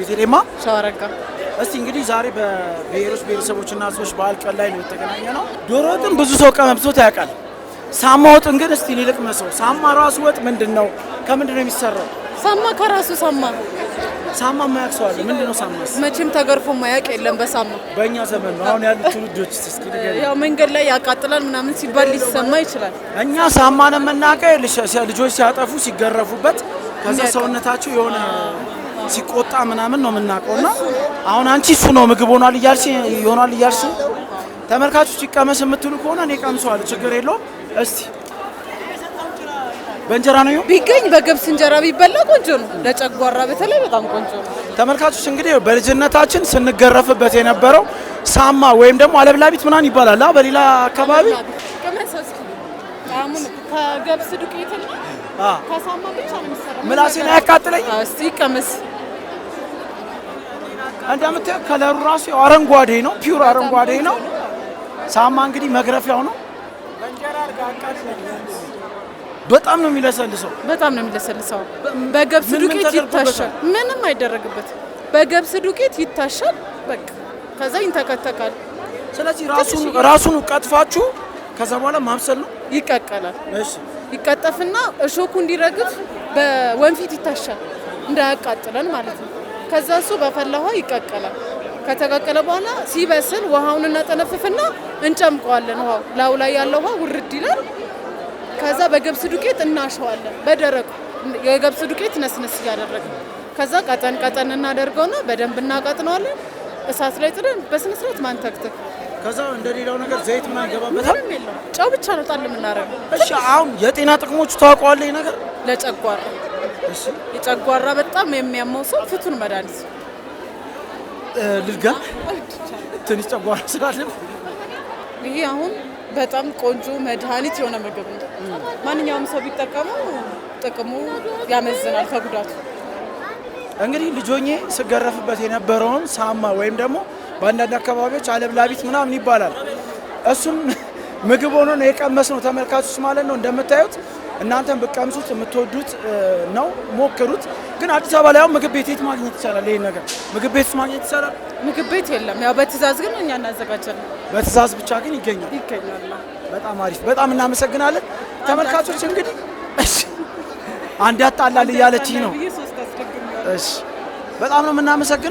ቤተልሔማ ሸዋረጋ። እስቲ እንግዲህ ዛሬ በብሔሮች ብሔረሰቦችና ሕዝቦች በዓል ቀን ላይ ነው የተገናኘ ነው። ዶሮ ወጥን ብዙ ሰው ቀመብሶት ያውቃል። ሳማ ወጥን ግን እስቲ ሊልቅ መሰው ሳማ ራሱ ወጥ ምንድን ነው? ከምንድን ነው የሚሰራው? ሳማ ከራሱ ሳማ ሳማ ማያቅ ሰው አለ? ምንድን ነው ሳማ? መቼም ተገርፎ ማያቅ የለም። በሳማ በእኛ ዘመን ነው አሁን ያሉት ትውልዶች። እስኪ ያው መንገድ ላይ ያቃጥላል ምናምን ሲባል ሊሰማ ይችላል። እኛ ሳማ ሳማን የምናውቀው ልጆች ሲያጠፉ ሲገረፉበት፣ ከዛ ሰውነታቸው የሆነ ሲቆጣ ምናምን ነው የምናውቀው። እና አሁን አንቺ እሱ ነው ምግብ ሆኗል እያልሽ ይሆናል እያልሽ ተመልካቾች ይቀመስ የምትሉ ከሆነ እኔ ቀምሰዋል፣ ችግር የለውም። እስቲ በእንጀራ ነው ቢገኝ በገብስ እንጀራ ቢበላ ቆንጆ ነው፣ ለጨጓራ በተለይ በጣም ቆንጆ ነው። ተመልካቾች እንግዲህ በልጅነታችን ስንገረፍበት የነበረው ሳማ ወይም ደግሞ አለብላቢት ምናምን ይባላል በሌላ አካባቢ ምላሴን አያቃጥለኝ። እስቲ ቀምስ እንደምታየው ከለሩ ራሱ አረንጓዴ ነው፣ ፒውር አረንጓዴ ነው። ሳማ እንግዲህ መግረፊያው ነው። በጣም ነው የሚለሰልሰው፣ በጣም ነው የሚለሰልሰው። በገብስ ዱቄት ይታሻል፣ ምንም አይደረግበት። በገብስ ዱቄት ይታሻል፣ በቃ ከዛ ይንተከተካል። ስለዚህ ራሱን ራሱን ቀጥፋችሁ ከዛ በኋላ ማብሰል ነው። ይቀቀላል። እሺ፣ ይቀጠፍና እሾኩ እንዲረግፍ በወንፊት ይታሻል፣ እንዳያቃጥለን ማለት ነው። ከዛ እሱ በፈላ ውሃ ይቀቀላል። ከተቀቀለ በኋላ ሲበስል ውሃውን እናጠነፍፍና እንጨምቀዋለን። ውሃው ላዩ ላይ ያለው ውሃ ውርድ ይላል። ከዛ በገብስ ዱቄት እናሸዋለን። በደረቁ የገብስ ዱቄት ነስነስ እያደረግን ከዛ ቀጠን ቀጠን እናደርገውና በደንብ እናቀጥነዋለን። እሳት ላይ ጥደን በስነ ማንተክትክ ከዛ እንደ ሌላው ነገር ዘይት ምናምን ይገባበታል። ጨው ብቻ ነው ጣል የምናደርገው። እሺ አሁን የጤና ጥቅሞቹ ታውቀዋለህ? ነገር ለጨጓራ የጨጓራ በጣም የሚያመው ሰው ፍቱን መድኃኒት ልርጋ ትንሽ ጨጓራ ስላለ ይሄ አሁን በጣም ቆንጆ መድኃኒት የሆነ ምግብ ነው። ማንኛውም ሰው ቢጠቀመው ጥቅሙ ያመዝናል ከጉዳቱ። እንግዲህ ልጆኜ ስገረፍበት የነበረውን ሳማ ወይም ደግሞ በአንዳንድ አካባቢዎች አለብላቢት ምናምን ይባላል እሱም ምግብ ሆኖ ነው የቀመስ ነው ተመልካቾች ማለት ነው እንደምታዩት እናንተም ብቀምሱት የምትወዱት ነው። ሞክሩት። ግን አዲስ አበባ ላይ አሁን ምግብ ቤት የት ማግኘት ይቻላል? ይሄን ነገር ምግብ ቤት ማግኘት ይቻላል? ምግብ ቤት የለም። ያው በትዕዛዝ ግን እኛ እናዘጋጃለን። በትዕዛዝ ብቻ ግን ይገኛል ይገኛል። በጣም አሪፍ። በጣም እናመሰግናለን ተመልካቾች። እንግዲህ አንድ ያጣላል እያለች ነው። እሺ፣ በጣም ነው የምናመሰግነው።